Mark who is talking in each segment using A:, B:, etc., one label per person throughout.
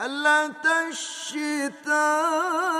A: الشتاء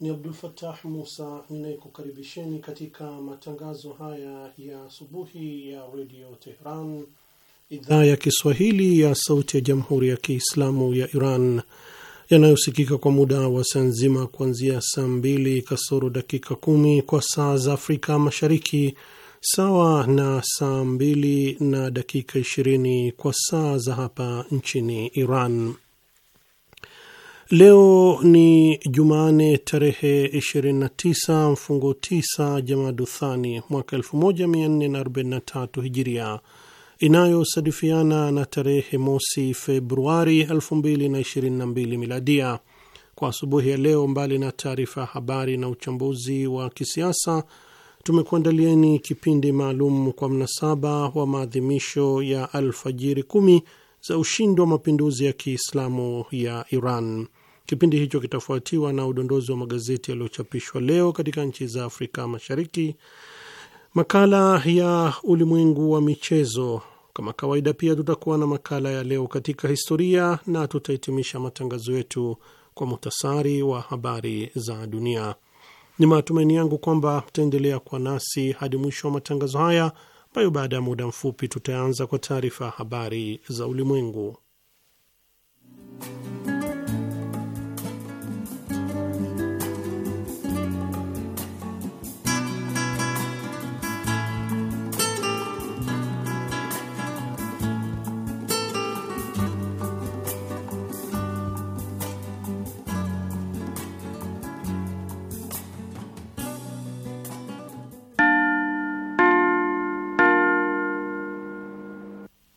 B: Ni Abdul Fattah Musa ninayekukaribisheni katika matangazo haya ya asubuhi ya redio Tehran, idhaa ya Kiswahili ya sauti ya jamhuri ya Kiislamu ya Iran, yanayosikika kwa muda wa saa nzima kuanzia saa mbili kasoro dakika kumi kwa saa za Afrika Mashariki, sawa na saa mbili na dakika ishirini kwa saa za hapa nchini Iran Leo ni Jumane tarehe 29 mfungo 9 Jamaduthani mwaka 1443 Hijiria, inayosadifiana na tarehe mosi Februari 2022 Miladia. Kwa asubuhi ya leo, mbali na taarifa ya habari na uchambuzi wa kisiasa, tumekuandalieni kipindi maalum kwa mnasaba wa maadhimisho ya Alfajiri kumi za ushindi wa mapinduzi ya Kiislamu ya Iran. Kipindi hicho kitafuatiwa na udondozi wa magazeti yaliyochapishwa leo katika nchi za Afrika Mashariki, makala ya ulimwengu wa michezo. Kama kawaida, pia tutakuwa na makala ya leo katika historia na tutahitimisha matangazo yetu kwa muhtasari wa habari za dunia. Ni matumaini yangu kwamba mtaendelea kuwa nasi hadi mwisho wa matangazo haya ambayo baada ya muda mfupi tutaanza kwa taarifa ya habari za ulimwengu.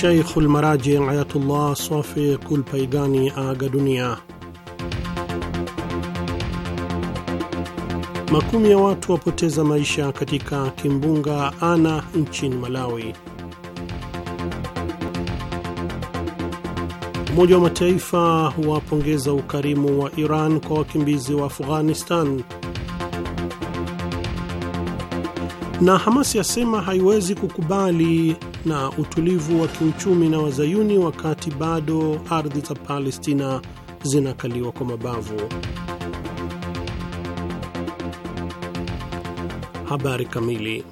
B: sheikh Maraji Ayatullah swafi Kulpaigani aga dunia. Makumi ya watu wapoteza maisha katika kimbunga Ana nchini Malawi. Umoja wa Mataifa wapongeza ukarimu wa Iran kwa wakimbizi wa Afghanistan. na Hamas yasema haiwezi kukubali na utulivu wa kiuchumi na wazayuni wakati bado ardhi za Palestina zinakaliwa kwa mabavu. Habari kamili.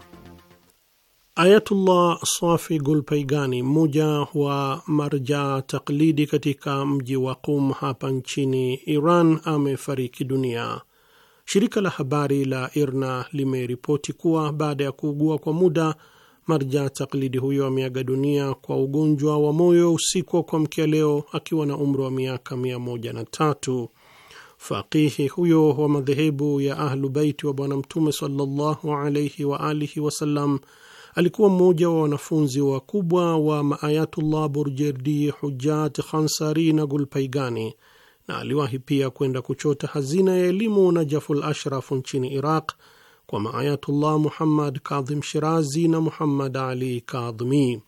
B: Ayatullah Safi Gulpaigani, mmoja wa marja taklidi katika mji wa Qum hapa nchini Iran, amefariki dunia Shirika la habari la IRNA limeripoti kuwa baada ya kuugua kwa muda, marja taklidi huyo ameaga dunia kwa ugonjwa wa moyo usiku wa kuamkia leo akiwa na umri wa miaka tatu. Faqihi huyo wa madhehebu ya Ahlu Baiti wa Bwana Mtume sallallahu alaihi wa alihi wasallam alikuwa mmoja wa wanafunzi wakubwa wa Maayatullah Burjerdi, Hujat Khansari na Gulpaigani na aliwahi pia kwenda kuchota hazina ya elimu na Jaful Ashraf nchini Iraq kwa maayatullah Muhammad Kadhim Shirazi na Muhammad Ali Kadhimi.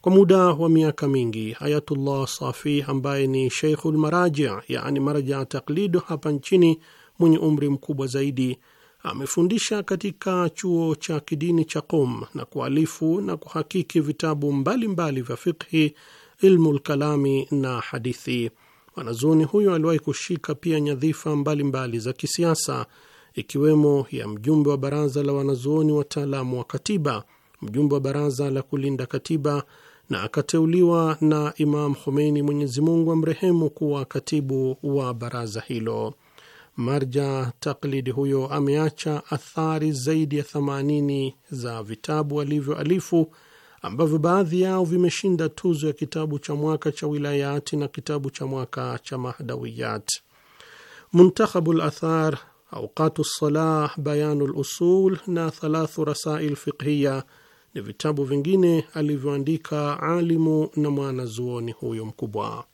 B: Kwa muda wa miaka mingi Ayatullah Safi ambaye ni sheikhu marajia, yani maraja taklidu hapa nchini, mwenye umri mkubwa zaidi, amefundisha katika chuo cha kidini cha Qom na kualifu na kuhakiki vitabu mbalimbali mbali vya fiqhi, ilmu lkalami na hadithi. Mwanazuoni huyo aliwahi kushika pia nyadhifa mbalimbali mbali za kisiasa ikiwemo ya mjumbe wa baraza la wanazuoni wataalamu wa katiba, mjumbe wa baraza la kulinda katiba na akateuliwa na Imam Khomeini, Mwenyezi Mungu amrehemu, kuwa katibu wa baraza hilo. Marja taklidi huyo ameacha athari zaidi ya 80 za vitabu alivyoalifu ambavyo baadhi yao vimeshinda tuzo ya kitabu cha mwaka cha Wilayati na kitabu cha mwaka cha Mahdawiyat. Muntakhabu Lathar, Auqatu Lsalah, Bayanu Lusul na Thalathu Rasail Fiqhiya ni vitabu vingine alivyoandika alimu na mwanazuoni huyo mkubwa.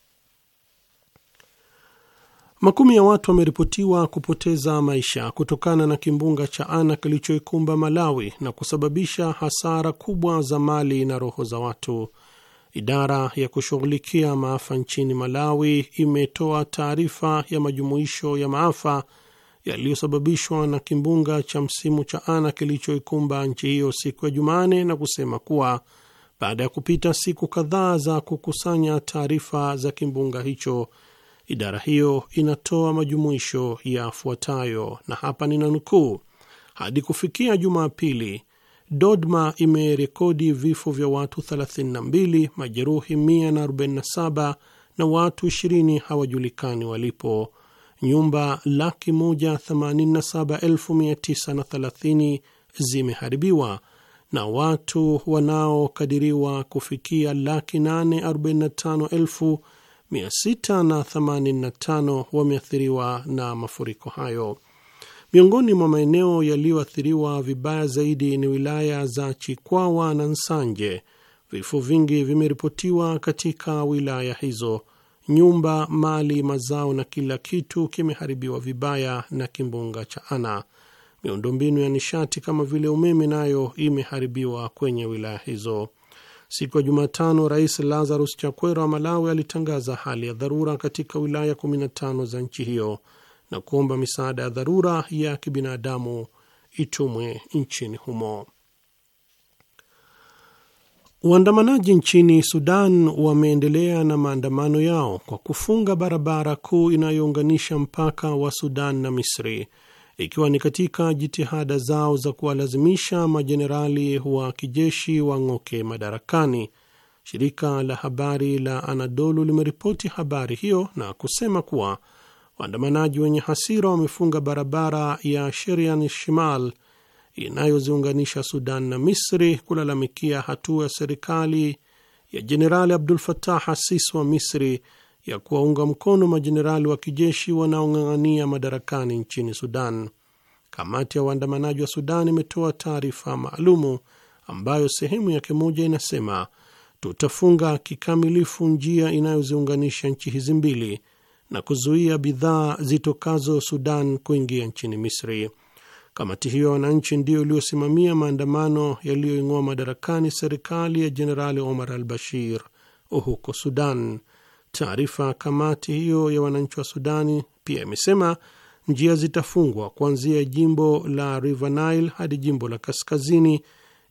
B: Makumi ya watu wameripotiwa kupoteza maisha kutokana na kimbunga cha Ana kilichoikumba Malawi na kusababisha hasara kubwa za mali na roho za watu. Idara ya kushughulikia maafa nchini Malawi imetoa taarifa ya majumuisho ya maafa yaliyosababishwa na kimbunga cha msimu cha Ana kilichoikumba nchi hiyo siku ya Jumane na kusema kuwa baada ya kupita siku kadhaa za kukusanya taarifa za kimbunga hicho Idara hiyo inatoa majumuisho yafuatayo, na hapa nanukuu hadi kufikia Jumapili, dodma imerekodi vifo vya watu 32, majeruhi 147 na watu 20 hawajulikani walipo. Nyumba laki 187930 zimeharibiwa na watu wanaokadiriwa kufikia laki 845,000 685 wameathiriwa na mafuriko hayo. Miongoni mwa maeneo yaliyoathiriwa vibaya zaidi ni wilaya za Chikwawa na Nsanje. Vifo vingi vimeripotiwa katika wilaya hizo. Nyumba, mali, mazao na kila kitu kimeharibiwa vibaya na kimbunga cha Ana. Miundombinu ya nishati kama vile umeme nayo imeharibiwa kwenye wilaya hizo. Siku ya Jumatano, Rais Lazarus Chakwera wa Malawi alitangaza hali ya dharura katika wilaya 15 za nchi hiyo na kuomba misaada ya dharura ya kibinadamu itumwe nchini humo. Waandamanaji nchini Sudan wameendelea na maandamano yao kwa kufunga barabara kuu inayounganisha mpaka wa Sudan na Misri ikiwa ni katika jitihada zao za kuwalazimisha majenerali wa kijeshi wang'oke madarakani. Shirika la habari la Anadolu limeripoti habari hiyo na kusema kuwa waandamanaji wenye hasira wamefunga barabara ya Sherian Shimal inayoziunganisha Sudan na Misri kulalamikia hatua ya serikali ya Jenerali Abdul Fatah Assis wa Misri ya kuwaunga mkono majenerali wa kijeshi wanaong'ang'ania madarakani nchini Sudan. Kamati ya waandamanaji wa Sudan imetoa taarifa maalumu ambayo sehemu yake moja inasema, tutafunga kikamilifu njia inayoziunganisha nchi hizi mbili na kuzuia bidhaa zitokazo Sudan kuingia nchini Misri. Kamati hiyo ya wananchi ndiyo iliyosimamia maandamano yaliyoing'oa madarakani serikali ya Jenerali Omar al Bashir huko Sudan. Taarifa kamati hiyo ya wananchi wa Sudani pia imesema njia zitafungwa kuanzia jimbo la River Nile hadi jimbo la kaskazini,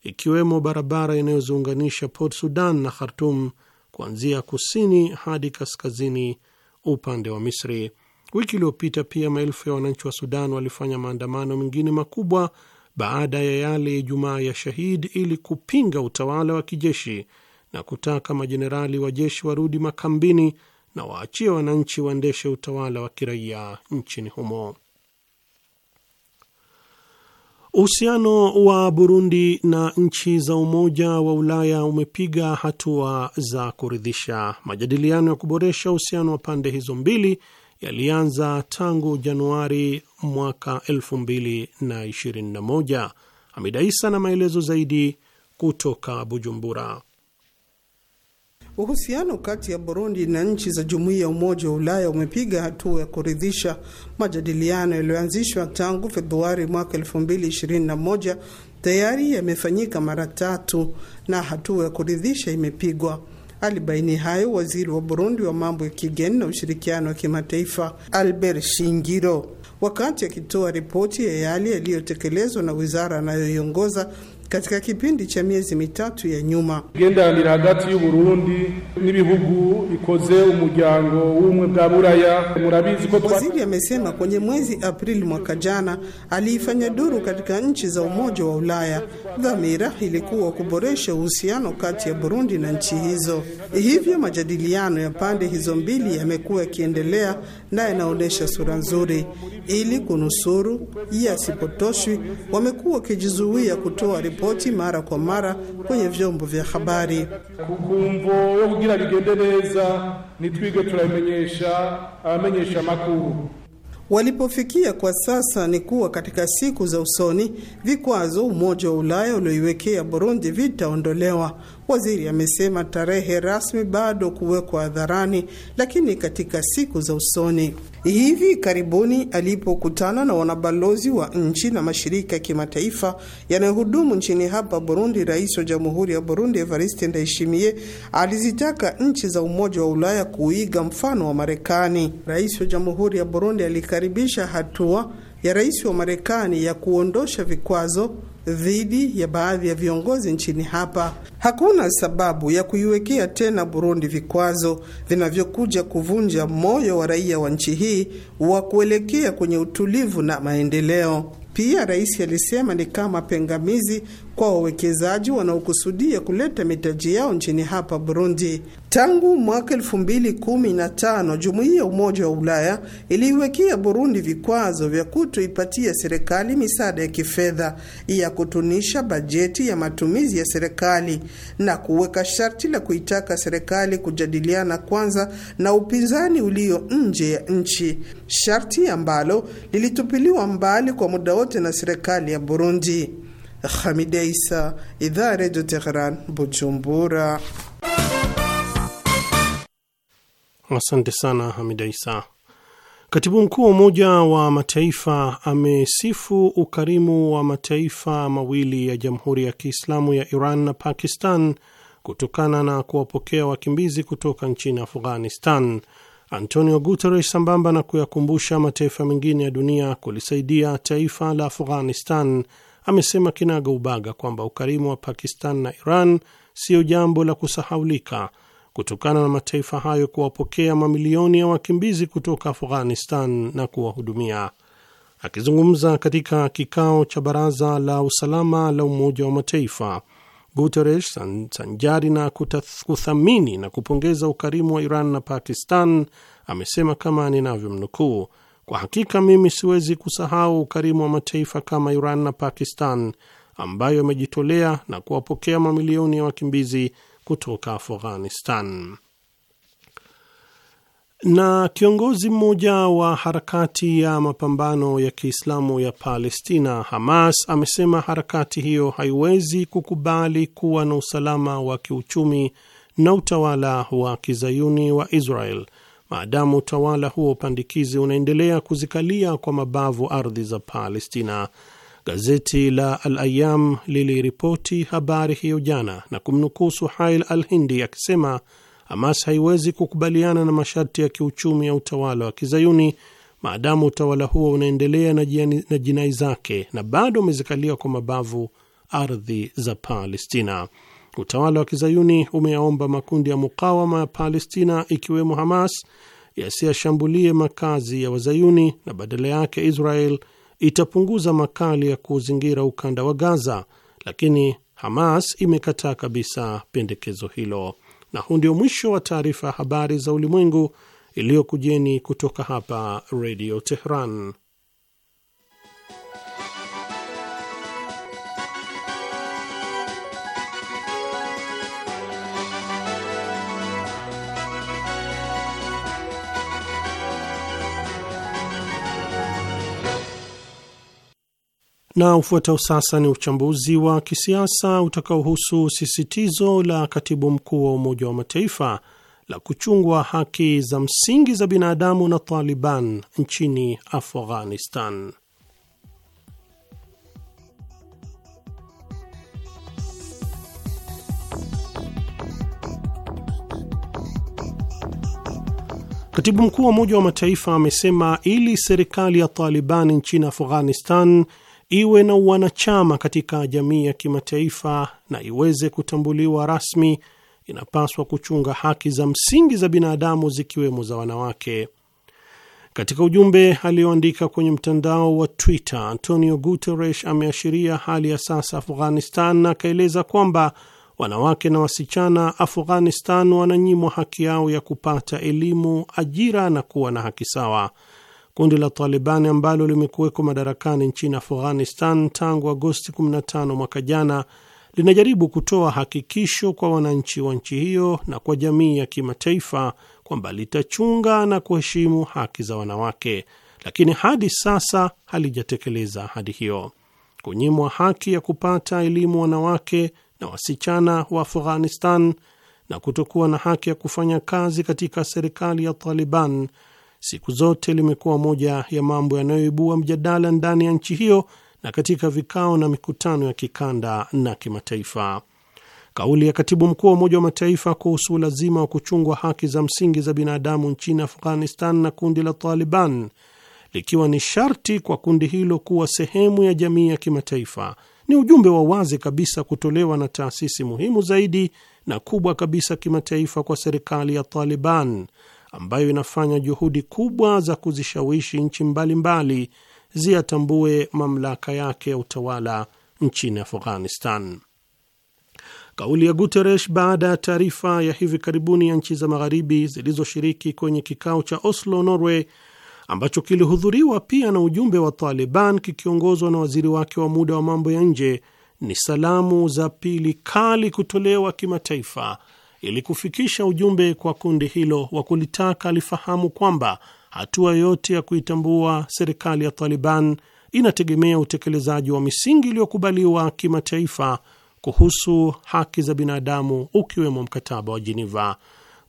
B: ikiwemo barabara inayoziunganisha Port Sudan na Khartum kuanzia kusini hadi kaskazini upande wa Misri. Wiki iliyopita pia maelfu ya wananchi wa Sudan walifanya maandamano mengine makubwa baada ya yale Ijumaa ya Shahid ili kupinga utawala wa kijeshi na kutaka majenerali wa jeshi warudi makambini na waachie wananchi waendeshe utawala wa kiraia nchini humo. Uhusiano wa Burundi na nchi za Umoja wa Ulaya umepiga hatua za kuridhisha. Majadiliano ya kuboresha uhusiano wa pande hizo mbili yalianza tangu Januari mwaka 2021. Hamida Isa na maelezo zaidi kutoka Bujumbura.
C: Uhusiano kati ya Burundi na nchi za jumuiya ya Umoja wa Ulaya umepiga hatua ya kuridhisha. Majadiliano yaliyoanzishwa tangu Februari mwaka moja tayari yamefanyika mara tatu na hatua ya kuridhisha imepigwa. Alibaini hayo waziri wa Burundi wa mambo ya kigeni na ushirikiano wa kimataifa Albert Shingiro wakati akitoa ripoti ya yale yaliyotekelezwa na wizara anayoiongoza katika kipindi cha miezi mitatu ya nyuma. Igendanira hagati y'Uburundi n'ibihugu ikoze umujyango w'umwe bwa Buraya murabizi ko waziri amesema kwenye mwezi Aprili mwaka jana aliifanya duru katika nchi za Umoja wa Ulaya. Dhamira ilikuwa kuboresha uhusiano kati ya Burundi na nchi hizo, hivyo majadiliano ya pande hizo mbili yamekuwa yakiendelea na yanaonyesha sura nzuri. Ili kunusuru yasipotoshwi, wamekuwa wakijizuia kutoa ripoti mara kwa mara kwenye vyombo vya habari. kumvo yo kugira ligende neza nitwige turamenyesha abamenyesha makuru Walipofikia kwa sasa ni kuwa katika siku za usoni vikwazo Umoja wa Ulaya ulioiwekea Burundi vitaondolewa. Waziri amesema tarehe rasmi bado kuwekwa hadharani, lakini katika siku za usoni. Hivi karibuni alipokutana na wanabalozi wa nchi na mashirika ya kimataifa yanayohudumu nchini hapa Burundi, rais wa jamhuri ya Burundi Evariste Ndayishimiye alizitaka nchi za Umoja wa Ulaya kuiga mfano wa Marekani. Rais wa jamhuri ya Burundi alikaribisha hatua ya rais wa Marekani ya kuondosha vikwazo dhidi ya baadhi ya viongozi nchini hapa. Hakuna sababu ya kuiwekea tena Burundi vikwazo vinavyokuja kuvunja moyo wa raia wa nchi hii wa kuelekea kwenye utulivu na maendeleo. Pia rais alisema ni kama pingamizi kwa wawekezaji wanaokusudia kuleta mitaji yao nchini hapa Burundi. Tangu mwaka tano jumuiya ya Umoja wa Ulaya iliiwekea Burundi vikwazo vya kutoipatia serikali misaada ya kifedha ya kutunisha bajeti ya matumizi ya serikali na kuweka sharti la kuitaka serikali kujadiliana kwanza na upinzani ulio nje ya nchi, sharti ambalo lilitupiliwa mbali kwa muda wote na serikali ya Burundi. Hamide Isa, idhaa redio Teheran, Bujumbura.
B: Asante sana Hamida Isa. Katibu mkuu wa Umoja wa Mataifa amesifu ukarimu wa mataifa mawili ya Jamhuri ya Kiislamu ya Iran na Pakistan kutokana na kuwapokea wakimbizi kutoka nchini Afghanistan. Antonio Guterres, sambamba na kuyakumbusha mataifa mengine ya dunia kulisaidia taifa la Afghanistan amesema kinaga ubaga kwamba ukarimu wa Pakistan na Iran siyo jambo la kusahaulika kutokana na mataifa hayo kuwapokea mamilioni ya wakimbizi kutoka Afghanistan na kuwahudumia. Akizungumza katika kikao cha Baraza la Usalama la Umoja wa Mataifa, Guterres sanjari na kuthamini na kupongeza ukarimu wa Iran na Pakistan amesema kama ninavyomnukuu kwa hakika mimi siwezi kusahau ukarimu wa mataifa kama Iran na Pakistan ambayo yamejitolea na kuwapokea mamilioni ya wakimbizi kutoka Afghanistan. Na kiongozi mmoja wa harakati ya mapambano ya Kiislamu ya Palestina, Hamas, amesema harakati hiyo haiwezi kukubali kuwa na usalama wa kiuchumi na utawala wa kizayuni wa Israel maadamu utawala huo upandikizi unaendelea kuzikalia kwa mabavu ardhi za Palestina. Gazeti la Al Ayam liliripoti habari hiyo jana na kumnukuu Suhail Al Hindi akisema Hamas haiwezi kukubaliana na masharti ya kiuchumi ya utawala wa kizayuni maadamu utawala huo unaendelea na, na jinai zake na bado umezikalia kwa mabavu ardhi za Palestina. Utawala wa kizayuni umeyaomba makundi ya mukawama ya Palestina ikiwemo Hamas yasiyashambulie makazi ya wazayuni na badala yake Israel itapunguza makali ya kuzingira ukanda wa Gaza, lakini Hamas imekataa kabisa pendekezo hilo. Na huu ndio mwisho wa taarifa ya habari za ulimwengu iliyokujeni kutoka hapa Redio Tehran. Na ufuatao sasa ni uchambuzi wa kisiasa utakaohusu sisitizo la katibu mkuu wa Umoja wa Mataifa la kuchungwa haki za msingi za binadamu na Taliban nchini Afghanistan. Katibu mkuu wa Umoja wa Mataifa amesema ili serikali ya Taliban nchini Afghanistan iwe na wanachama katika jamii ya kimataifa na iweze kutambuliwa rasmi, inapaswa kuchunga haki za msingi za binadamu zikiwemo za wanawake. Katika ujumbe aliyoandika kwenye mtandao wa Twitter, Antonio Guterres ameashiria hali ya sasa Afghanistan na akaeleza kwamba wanawake na wasichana Afghanistan wananyimwa haki yao ya kupata elimu, ajira na kuwa na haki sawa. Kundi la Taliban ambalo limekuwekwa madarakani nchini Afghanistan tangu Agosti 15 mwaka jana linajaribu kutoa hakikisho kwa wananchi wa nchi hiyo na kwa jamii ya kimataifa kwamba litachunga na kuheshimu haki za wanawake, lakini hadi sasa halijatekeleza ahadi hiyo. Kunyimwa haki ya kupata elimu wanawake na wasichana wa Afghanistan na kutokuwa na haki ya kufanya kazi katika serikali ya Taliban siku zote limekuwa moja ya mambo yanayoibua mjadala ndani ya nchi hiyo na katika vikao na mikutano ya kikanda na kimataifa. Kauli ya katibu mkuu wa Umoja wa Mataifa kuhusu ulazima wa kuchungwa haki za msingi za binadamu nchini Afghanistan na kundi la Taliban likiwa ni sharti kwa kundi hilo kuwa sehemu ya jamii ya kimataifa ni ujumbe wa wazi kabisa kutolewa na taasisi muhimu zaidi na kubwa kabisa kimataifa kwa serikali ya Taliban ambayo inafanya juhudi kubwa za kuzishawishi nchi mbalimbali ziyatambue mamlaka yake ya utawala nchini Afghanistan. Kauli ya Guterres baada ya taarifa ya hivi karibuni ya nchi za magharibi zilizoshiriki kwenye kikao cha Oslo, Norway, ambacho kilihudhuriwa pia na ujumbe wa Taliban kikiongozwa na waziri wake wa muda wa mambo ya nje ni salamu za pili kali kutolewa kimataifa ili kufikisha ujumbe kwa kundi hilo wa kulitaka lifahamu kwamba hatua yoyote ya kuitambua serikali ya Taliban inategemea utekelezaji wa misingi iliyokubaliwa kimataifa kuhusu haki za binadamu ukiwemo mkataba wa jiniva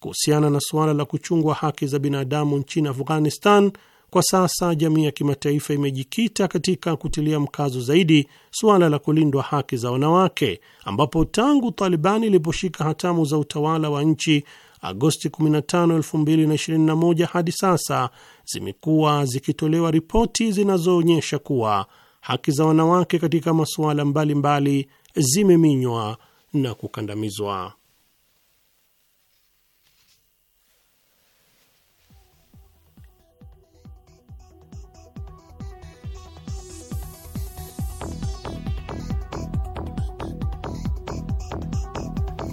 B: Kuhusiana na suala la kuchungwa haki za binadamu nchini Afghanistan, kwa sasa jamii ya kimataifa imejikita katika kutilia mkazo zaidi suala la kulindwa haki za wanawake, ambapo tangu Talibani iliposhika hatamu za utawala wa nchi Agosti 15, 2021 hadi sasa zimekuwa zikitolewa ripoti zinazoonyesha kuwa haki za wanawake katika masuala mbalimbali zimeminywa na kukandamizwa.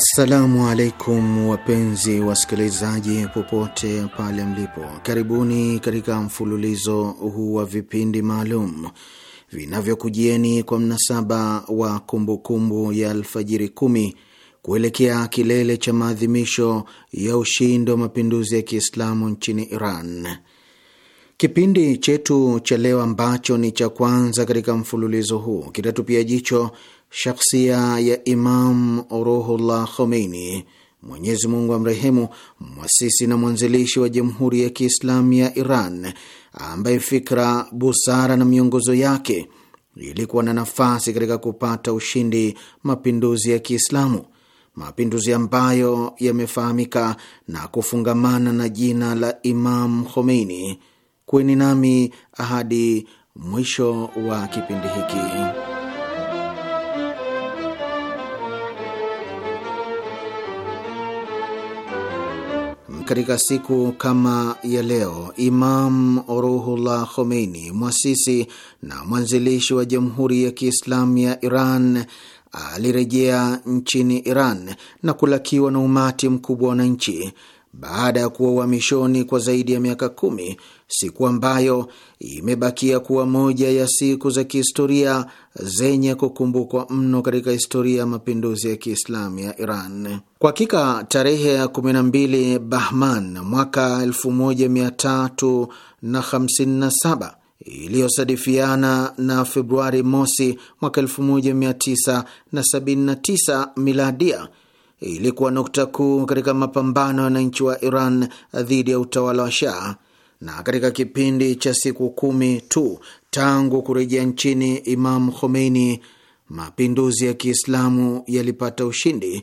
D: Assalamu alaikum wapenzi wasikilizaji, popote pale mlipo, karibuni katika mfululizo huu wa vipindi maalum vinavyokujieni kwa mnasaba wa kumbukumbu kumbu ya Alfajiri kumi kuelekea kilele cha maadhimisho ya ushindi wa mapinduzi ya Kiislamu nchini Iran. Kipindi chetu cha leo ambacho ni cha kwanza katika mfululizo huu kitatupia jicho shakhsia ya Imam Ruhullah Khomeini, Mwenyezi Mungu amrehemu, mwasisi na mwanzilishi wa Jamhuri ya Kiislamu ya Iran, ambaye fikra, busara na miongozo yake ilikuwa na nafasi katika kupata ushindi mapinduzi ya Kiislamu, mapinduzi ambayo yamefahamika na kufungamana na jina la Imam Khomeini. kweni nami ahadi mwisho wa kipindi hiki. katika siku kama ya leo, Imam Ruhullah Khomeini, mwasisi na mwanzilishi wa Jamhuri ya Kiislamu ya Iran, alirejea nchini Iran na kulakiwa na umati mkubwa wa wananchi baada ya kuwa uhamishoni kwa zaidi ya miaka kumi, siku ambayo imebakia kuwa moja ya siku za kihistoria zenye kukumbukwa mno katika historia ya mapinduzi ya Kiislamu ya Iran. Kwa hakika tarehe ya 12 Bahman mwaka 1357 iliyosadifiana na Februari mosi mwaka 1979 miladia ilikuwa nukta kuu katika mapambano ya wananchi wa Iran dhidi ya utawala wa Shah na katika kipindi cha siku kumi tu tangu kurejea nchini Imam Khomeini, mapinduzi ya Kiislamu yalipata ushindi eh,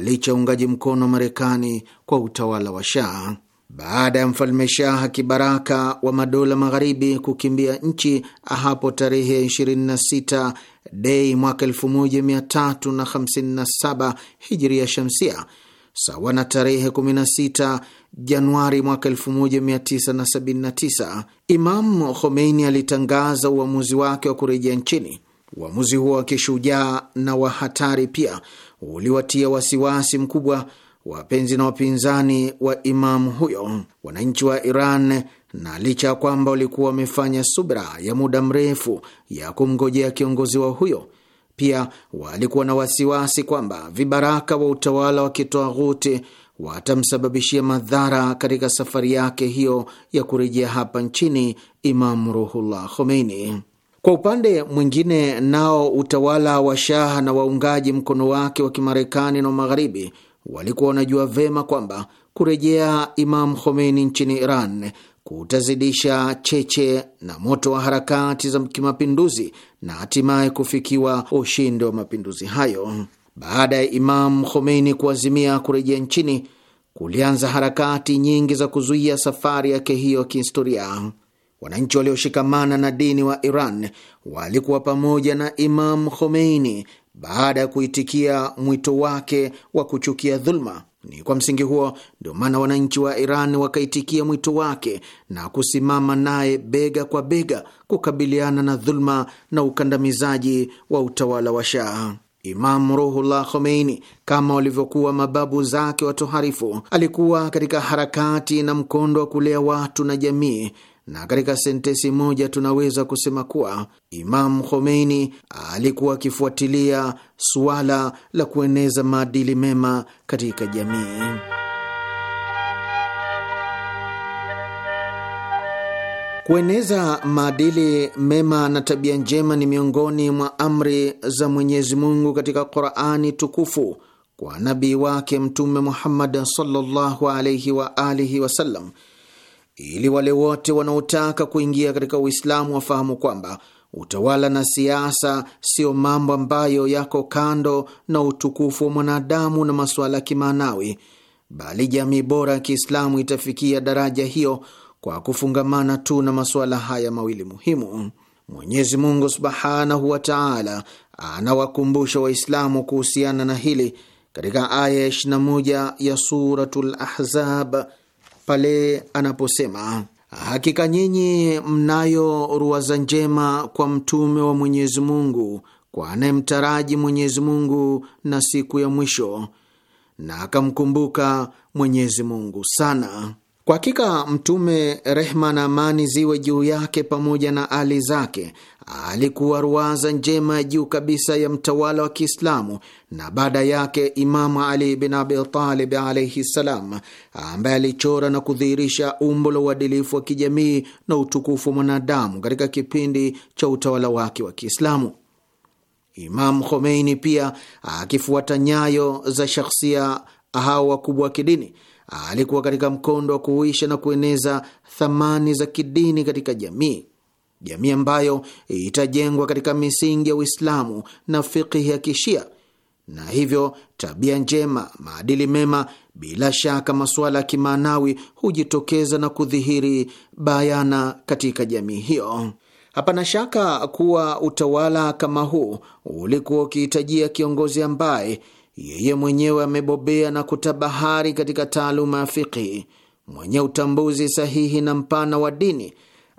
D: licha ya uungaji mkono wa Marekani kwa utawala wa Shah. Baada ya mfalme Shah kibaraka wa madola magharibi kukimbia nchi ah, hapo tarehe 26 Dei mwaka 1357 hijria shamsia, sawa na tarehe 16 Januari mwaka 1979 Imam Khomeini alitangaza uamuzi wake wa kurejea nchini. Uamuzi huo wa kishujaa na wa hatari pia uliwatia wasiwasi mkubwa wapenzi na wapinzani wa imamu huyo, wananchi wa Iran, na licha ya kwamba walikuwa wamefanya subra ya muda mrefu ya kumngojea kiongozi wao huyo, pia walikuwa na wasiwasi kwamba vibaraka wa utawala wa kitwaghuti watamsababishia madhara katika safari yake hiyo ya kurejea hapa nchini Imam Ruhullah Khomeini. Kwa upande mwingine, nao utawala wa shaha na waungaji mkono wake wa Kimarekani na Magharibi walikuwa wanajua vema kwamba kurejea Imam Khomeini nchini Iran kutazidisha cheche na moto wa harakati za kimapinduzi na hatimaye kufikiwa ushindi wa mapinduzi hayo. Baada ya Imam Khomeini kuazimia kurejea nchini, kulianza harakati nyingi za kuzuia safari yake hiyo ya kihistoria. Wananchi walioshikamana na dini wa Iran walikuwa pamoja na Imam Khomeini baada ya kuitikia mwito wake wa kuchukia dhuluma. Ni kwa msingi huo ndio maana wananchi wa Iran wakaitikia mwito wake na kusimama naye bega kwa bega kukabiliana na dhuluma na ukandamizaji wa utawala wa Shaha. Imam Ruhullah Khomeini, kama walivyokuwa mababu zake watoharifu, alikuwa katika harakati na mkondo wa kulea watu na jamii, na katika sentesi moja tunaweza kusema kuwa Imam Khomeini alikuwa akifuatilia suala la kueneza maadili mema katika jamii. Kueneza maadili mema na tabia njema ni miongoni mwa amri za Mwenyezi Mungu katika Qurani tukufu kwa nabii wake Mtume Muhammad sallallahu alaihi wa alihi wasallam, ili wale wote wanaotaka kuingia katika Uislamu wafahamu kwamba utawala na siasa siyo mambo ambayo yako kando na utukufu wa mwanadamu na masuala ya kimaanawi, bali jamii bora ya Kiislamu itafikia daraja hiyo kwa kufungamana tu na masuala haya mawili muhimu. Mwenyezi Mungu subhanahu wa taala anawakumbusha Waislamu kuhusiana na hili katika aya ya 21 ya Suratul Ahzab pale anaposema, hakika nyinyi mnayo ruwaza njema kwa mtume wa Mwenyezi Mungu, kwa anayemtaraji Mwenyezi Mungu na siku ya mwisho na akamkumbuka Mwenyezi Mungu sana. Kwa hakika Mtume, rehma na amani ziwe juu yake pamoja na ali zake, alikuwa ruwaza njema ya juu kabisa ya mtawala wa Kiislamu na baada yake Imamu Ali bin Abi Talib alaihi ssalam, ambaye alichora na kudhihirisha umbo la uadilifu wa kijamii na utukufu wa mwanadamu katika kipindi cha utawala wake wa Kiislamu. Imamu Khomeini pia akifuata nyayo za shakhsia hao wakubwa wa kidini alikuwa katika mkondo wa kuuisha na kueneza thamani za kidini katika jamii, jamii ambayo itajengwa katika misingi ya Uislamu na fikihi ya Kishia, na hivyo tabia njema, maadili mema, bila shaka masuala ya kimaanawi hujitokeza na kudhihiri bayana katika jamii hiyo. Hapana shaka kuwa utawala kama huu ulikuwa ukihitajia kiongozi ambaye yeye mwenyewe amebobea na kutabahari katika taaluma ya fiqhi, mwenye utambuzi sahihi na mpana wa dini,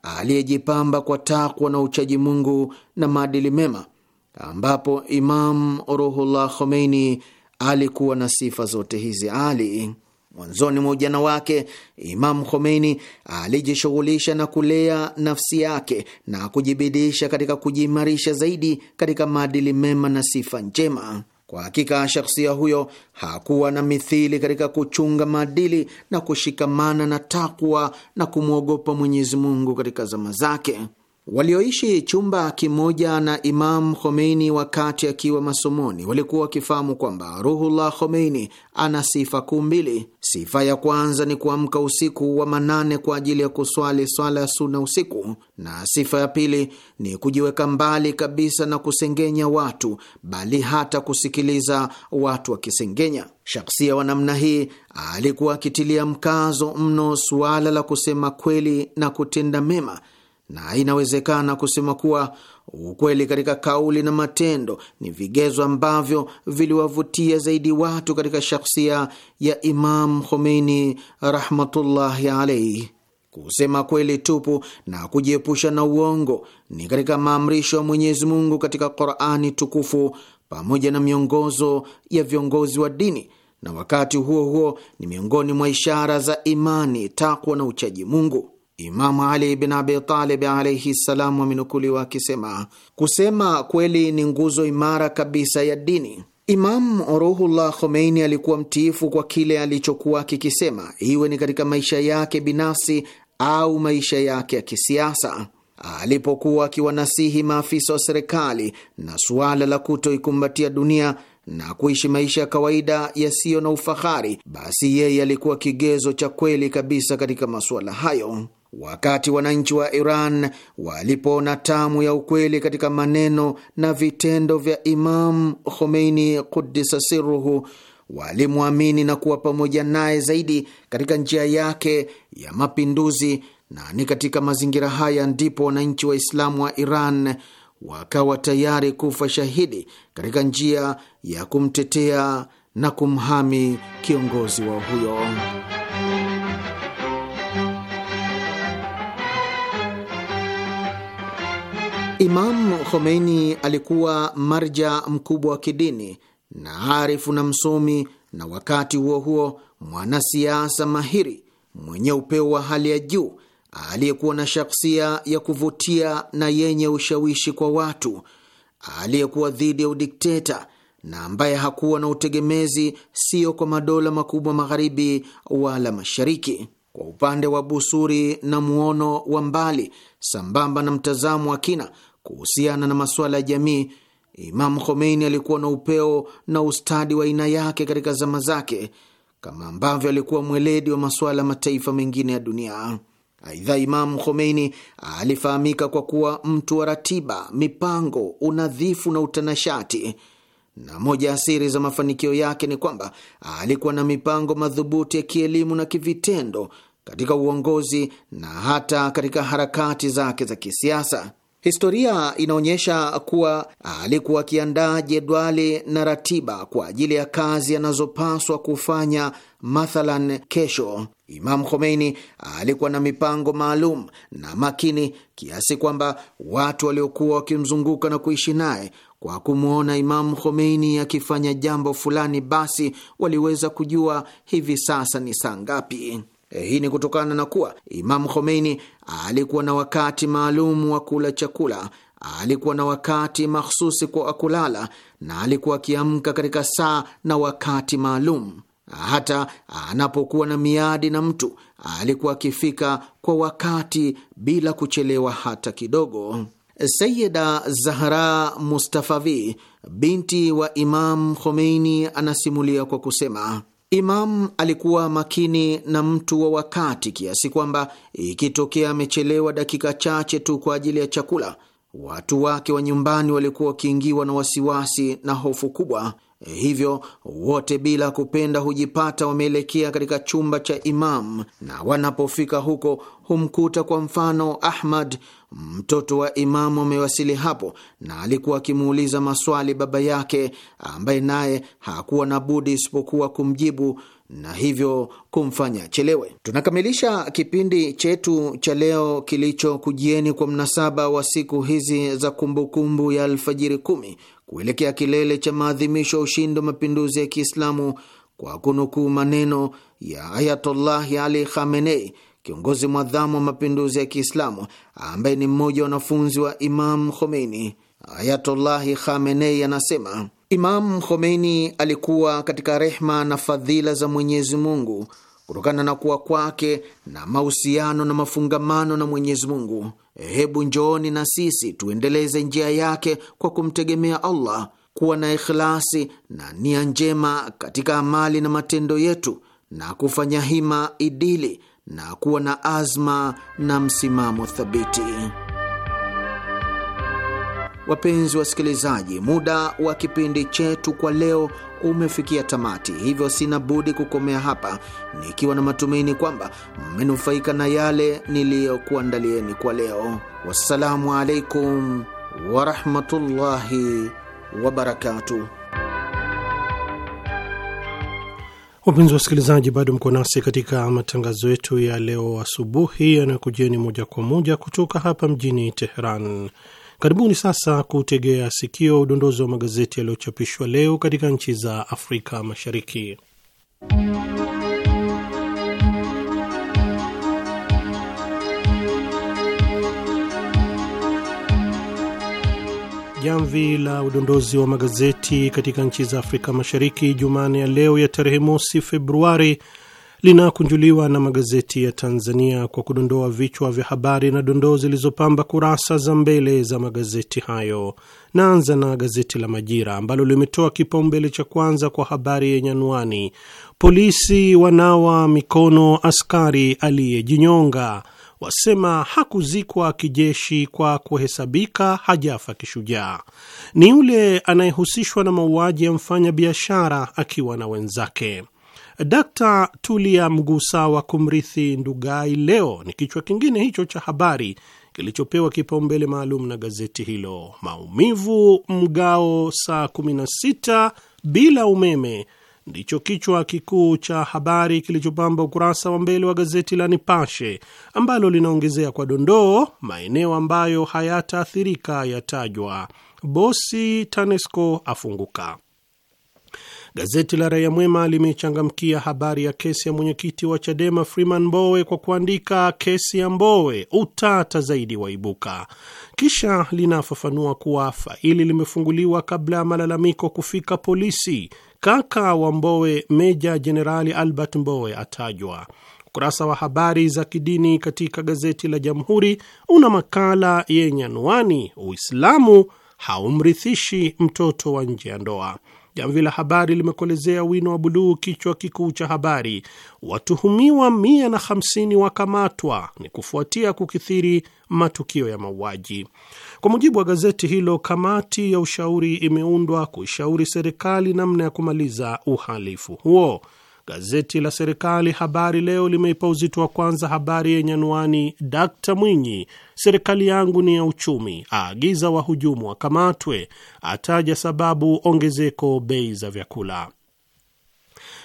D: aliyejipamba kwa takwa na uchaji Mungu na maadili mema, ambapo Imam Ruhullah Khomeini alikuwa na sifa zote hizi ali. Mwanzoni mwa ujana wake Imam Khomeini alijishughulisha na kulea nafsi yake na kujibidisha katika kujiimarisha zaidi katika maadili mema na sifa njema. Kwa hakika shakhsia huyo hakuwa na mithili katika kuchunga maadili na kushikamana na takwa na kumwogopa Mwenyezi Mungu katika zama zake. Walioishi chumba kimoja na Imam Khomeini wakati akiwa masomoni walikuwa wakifahamu kwamba Ruhullah Khomeini ana sifa kuu mbili. Sifa ya kwanza ni kuamka usiku wa manane kwa ajili ya kuswali swala ya suna usiku, na sifa ya pili ni kujiweka mbali kabisa na kusengenya watu, bali hata kusikiliza watu wakisengenya. Shakhsia wa namna hii alikuwa akitilia mkazo mno suala la kusema kweli na kutenda mema na inawezekana kusema kuwa ukweli katika kauli na matendo ni vigezo ambavyo viliwavutia zaidi watu katika shakhsia ya Imam Khomeini rahmatullahi alaihi. Kusema kweli tupu na kujiepusha na uongo ni katika maamrisho ya Mwenyezi Mungu katika Qurani tukufu pamoja na miongozo ya viongozi wa dini na wakati huo huo ni miongoni mwa ishara za imani, takwa na uchaji Mungu. Imamu Ali bin Abi Talib alaihi ssalam amenukuliwa akisema, kusema kweli ni nguzo imara kabisa ya dini. Imamu Ruhullah Khomeini alikuwa mtiifu kwa kile alichokuwa akikisema, iwe ni katika maisha yake binafsi au maisha yake ya kisiasa. Alipokuwa akiwanasihi maafisa wa serikali na suala la kutoikumbatia dunia na kuishi maisha ya kawaida yasiyo na ufahari, basi yeye alikuwa kigezo cha kweli kabisa katika masuala hayo. Wakati wananchi wa Iran walipoona tamu ya ukweli katika maneno na vitendo vya Imam Khomeini kudisa Sirruhu, walimwamini na kuwa pamoja naye zaidi katika njia yake ya mapinduzi, na ni katika mazingira haya ndipo wananchi Waislamu wa Iran wakawa tayari kufa shahidi katika njia ya kumtetea na kumhami kiongozi wa huyo. Imam Khomeini alikuwa marja mkubwa wa kidini na arifu na msomi, na wakati huo huo mwanasiasa mahiri mwenye upeo wa hali ya juu aliyekuwa na shaksia ya kuvutia na yenye ushawishi kwa watu, aliyekuwa dhidi ya udikteta na ambaye hakuwa na utegemezi, sio kwa madola makubwa magharibi wala mashariki. Kwa upande wa busuri na muono wa mbali sambamba na mtazamo wa kina, Kuhusiana na masuala ya jamii, Imamu Khomeini alikuwa na upeo na ustadi wa aina yake katika zama zake, kama ambavyo alikuwa mweledi wa masuala ya mataifa mengine ya dunia. Aidha, Imamu Khomeini alifahamika kwa kuwa mtu wa ratiba, mipango, unadhifu na utanashati, na moja ya siri za mafanikio yake ni kwamba alikuwa na mipango madhubuti ya kielimu na kivitendo katika uongozi na hata katika harakati zake za kisiasa. Historia inaonyesha kuwa alikuwa akiandaa jedwali na ratiba kwa ajili ya kazi anazopaswa kufanya. Mathalan, kesho Imam Khomeini alikuwa na mipango maalum na makini kiasi kwamba watu waliokuwa wakimzunguka na kuishi naye kwa kumwona Imam Khomeini akifanya jambo fulani, basi waliweza kujua hivi sasa ni saa ngapi. Eh, hii ni kutokana na kuwa Imamu Khomeini alikuwa na wakati maalum wa kula chakula, alikuwa na wakati mahsusi kwa kulala na alikuwa akiamka katika saa na wakati maalum. Hata anapokuwa na miadi na mtu, alikuwa akifika kwa wakati bila kuchelewa hata kidogo. Sayida Zahra Mustafavi, binti wa Imam Khomeini, anasimulia kwa kusema Imam alikuwa makini na mtu wa wakati kiasi kwamba ikitokea amechelewa dakika chache tu kwa ajili ya chakula, watu wake wa nyumbani walikuwa wakiingiwa na wasiwasi na hofu kubwa. Hivyo wote bila kupenda hujipata wameelekea katika chumba cha Imam, na wanapofika huko humkuta kwa mfano Ahmad mtoto wa Imamu amewasili hapo, na alikuwa akimuuliza maswali baba yake, ambaye naye hakuwa na budi isipokuwa kumjibu na hivyo kumfanya chelewe. Tunakamilisha kipindi chetu cha leo kilichokujieni kwa mnasaba wa siku hizi za kumbukumbu ya Alfajiri Kumi kuelekea kilele cha maadhimisho ya ushindi wa mapinduzi ya Kiislamu kwa kunukuu maneno ya Ayatollah Ali Khamenei, kiongozi mwadhamu wa mapinduzi ya Kiislamu ambaye ni mmoja wa wanafunzi wa Imam Khomeini. Ayatollahi Khamenei anasema: Imam Khomeini alikuwa katika rehma na fadhila za Mwenyezi Mungu kutokana na kuwa kwake na mahusiano na mafungamano na Mwenyezi Mungu. Hebu njooni na sisi tuendeleze njia yake kwa kumtegemea Allah, kuwa na ikhlasi na nia njema katika amali na matendo yetu, na kufanya hima idili na kuwa na azma na msimamo thabiti. Wapenzi wasikilizaji, muda wa kipindi chetu kwa leo umefikia tamati, hivyo sina budi kukomea hapa nikiwa na matumaini kwamba mmenufaika na yale niliyokuandalieni kwa leo. Wassalamu alaikum warahmatullahi wabarakatuh.
B: Wapenzi wasikilizaji, bado mko nasi katika matangazo yetu ya leo asubuhi, yanakujeni moja kwa moja kutoka hapa mjini Teheran. Karibuni sasa kutegea sikio udondozi wa magazeti yaliyochapishwa leo katika nchi za Afrika Mashariki. Jamvi la udondozi wa magazeti katika nchi za Afrika Mashariki Jumanne ya leo ya tarehe mosi Februari linakunjuliwa na magazeti ya Tanzania kwa kudondoa vichwa vya habari na dondoo zilizopamba kurasa za mbele za magazeti hayo. Naanza na gazeti la Majira ambalo limetoa kipaumbele cha kwanza kwa habari yenye anwani, polisi wanawa mikono askari aliyejinyonga, wasema hakuzikwa kijeshi kwa kuhesabika hajafa kishujaa. Ni yule anayehusishwa na mauaji ya mfanya biashara akiwa na wenzake. Dkta Tulia Mgusa wa kumrithi Ndugai leo ni kichwa kingine hicho cha habari kilichopewa kipaumbele maalum na gazeti hilo. Maumivu mgao saa 16 bila umeme ndicho kichwa kikuu cha habari kilichopamba ukurasa wa mbele wa gazeti la Nipashe ambalo linaongezea kwa dondoo maeneo ambayo hayataathirika yatajwa. Bosi TANESCO afunguka. Gazeti la Raia Mwema limechangamkia habari ya kesi ya mwenyekiti wa Chadema Freeman Mbowe kwa kuandika, kesi ya Mbowe utata zaidi waibuka. Kisha linafafanua kuwa faili limefunguliwa kabla ya malalamiko kufika polisi. Kaka wa Mbowe Meja Jenerali Albert Mbowe atajwa. Ukurasa wa habari za kidini katika gazeti la Jamhuri una makala yenye anwani, Uislamu haumrithishi mtoto wa nje ya ndoa. Jamvi la Habari limekolezea wino wa buluu kichwa kikuu cha habari, watuhumiwa 150 wakamatwa, ni kufuatia kukithiri matukio ya mauaji. Kwa mujibu wa gazeti hilo, kamati ya ushauri imeundwa kuishauri serikali namna ya kumaliza uhalifu huo. Gazeti la serikali Habari Leo limeipa uzito wa kwanza habari yenye anwani Dkt Mwinyi, serikali yangu ni ya uchumi, aagiza wahujumu wakamatwe, ataja sababu ongezeko bei za vyakula.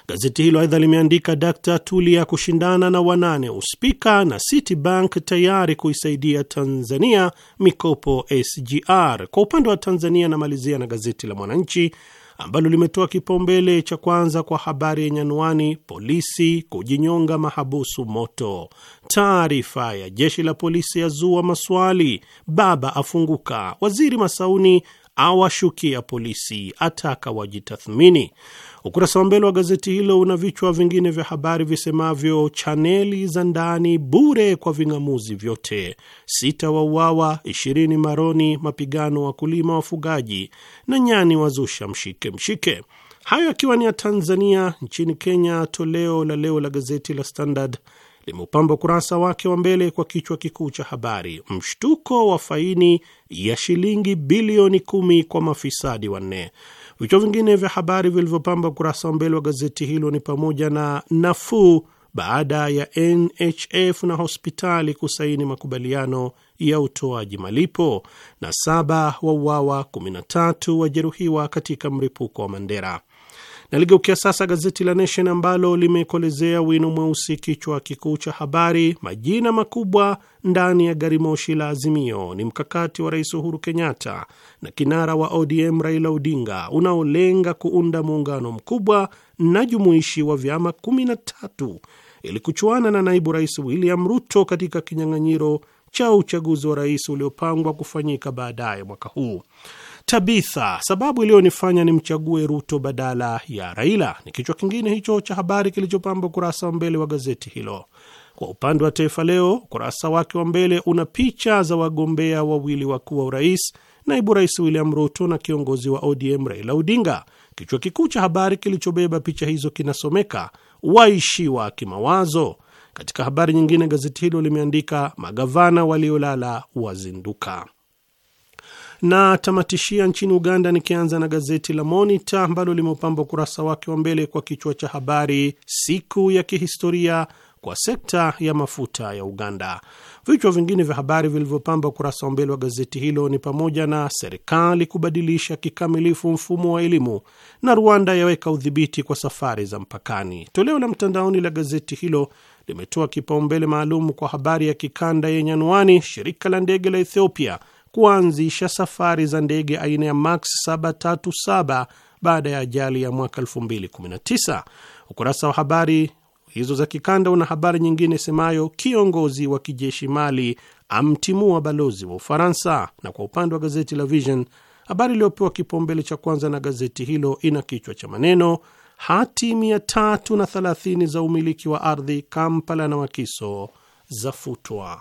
B: Gazeti hilo aidha limeandika Dkt Tulia kushindana na wanane uspika na Citibank tayari kuisaidia Tanzania mikopo SGR. Kwa upande wa Tanzania, namalizia na gazeti la Mwananchi ambalo limetoa kipaumbele cha kwanza kwa habari yenye anwani polisi kujinyonga mahabusu moto. Taarifa ya jeshi la polisi yazua maswali, baba afunguka, waziri Masauni awashukia polisi, ataka wajitathmini. Ukurasa wa mbele wa gazeti hilo una vichwa vingine vya habari visemavyo: chaneli za ndani bure kwa ving'amuzi vyote, sita wauawa, ishirini maroni, mapigano wakulima wafugaji, na nyani wazusha mshike mshike. Hayo akiwa ni ya Tanzania. Nchini Kenya, toleo la leo la gazeti la Standard limeupamba ukurasa wake wa mbele kwa kichwa kikuu cha habari, mshtuko wa faini ya shilingi bilioni kumi kwa mafisadi wanne. Vichwa vingine vya habari vilivyopamba ukurasa wa mbele wa gazeti hilo ni pamoja na nafuu baada ya NHF na hospitali kusaini makubaliano ya utoaji malipo, na saba wauawa, 13 wajeruhiwa katika mripuko wa Mandera. Naligeukia sasa gazeti la Nation ambalo limekolezea wino mweusi kichwa kikuu cha habari, majina makubwa ndani ya garimoshi la Azimio ni mkakati wa Rais Uhuru Kenyatta na kinara wa ODM Raila Odinga unaolenga kuunda muungano mkubwa na jumuishi wa vyama 13 ili kuchuana na naibu rais William Ruto katika kinyang'anyiro cha uchaguzi wa rais uliopangwa kufanyika baadaye mwaka huu. Tabitha, sababu iliyonifanya nimchague Ruto badala ya Raila ni kichwa kingine hicho cha habari kilichopamba ukurasa wa mbele wa gazeti hilo. Kwa upande wa Taifa Leo, ukurasa wake wa mbele una picha za wagombea wawili wakuu wa urais, naibu rais William Ruto na kiongozi wa ODM Raila Odinga. Kichwa kikuu cha habari kilichobeba picha hizo kinasomeka waishiwa kimawazo. Katika habari nyingine, gazeti hilo limeandika magavana waliolala wazinduka na tamatishia nchini Uganda, nikianza na gazeti la Monitor ambalo limeupamba ukurasa wake wa mbele kwa kichwa cha habari, siku ya kihistoria kwa sekta ya mafuta ya Uganda. Vichwa vingine vya habari vilivyopamba ukurasa wa mbele wa gazeti hilo ni pamoja na serikali kubadilisha kikamilifu mfumo wa elimu na Rwanda yaweka udhibiti kwa safari za mpakani. Toleo la mtandaoni la gazeti hilo limetoa kipaumbele maalum kwa habari ya kikanda yenye anwani shirika la ndege la Ethiopia kuanzisha safari za ndege aina ya Max 737 baada ya ajali ya mwaka 2019. Ukurasa wa habari hizo za kikanda una habari nyingine semayo kiongozi wa kijeshi Mali amtimua balozi wa Ufaransa. Na kwa upande wa gazeti la Vision, habari iliyopewa kipaumbele cha kwanza na gazeti hilo ina kichwa cha maneno hati 330 za umiliki wa ardhi Kampala na Wakiso zafutwa.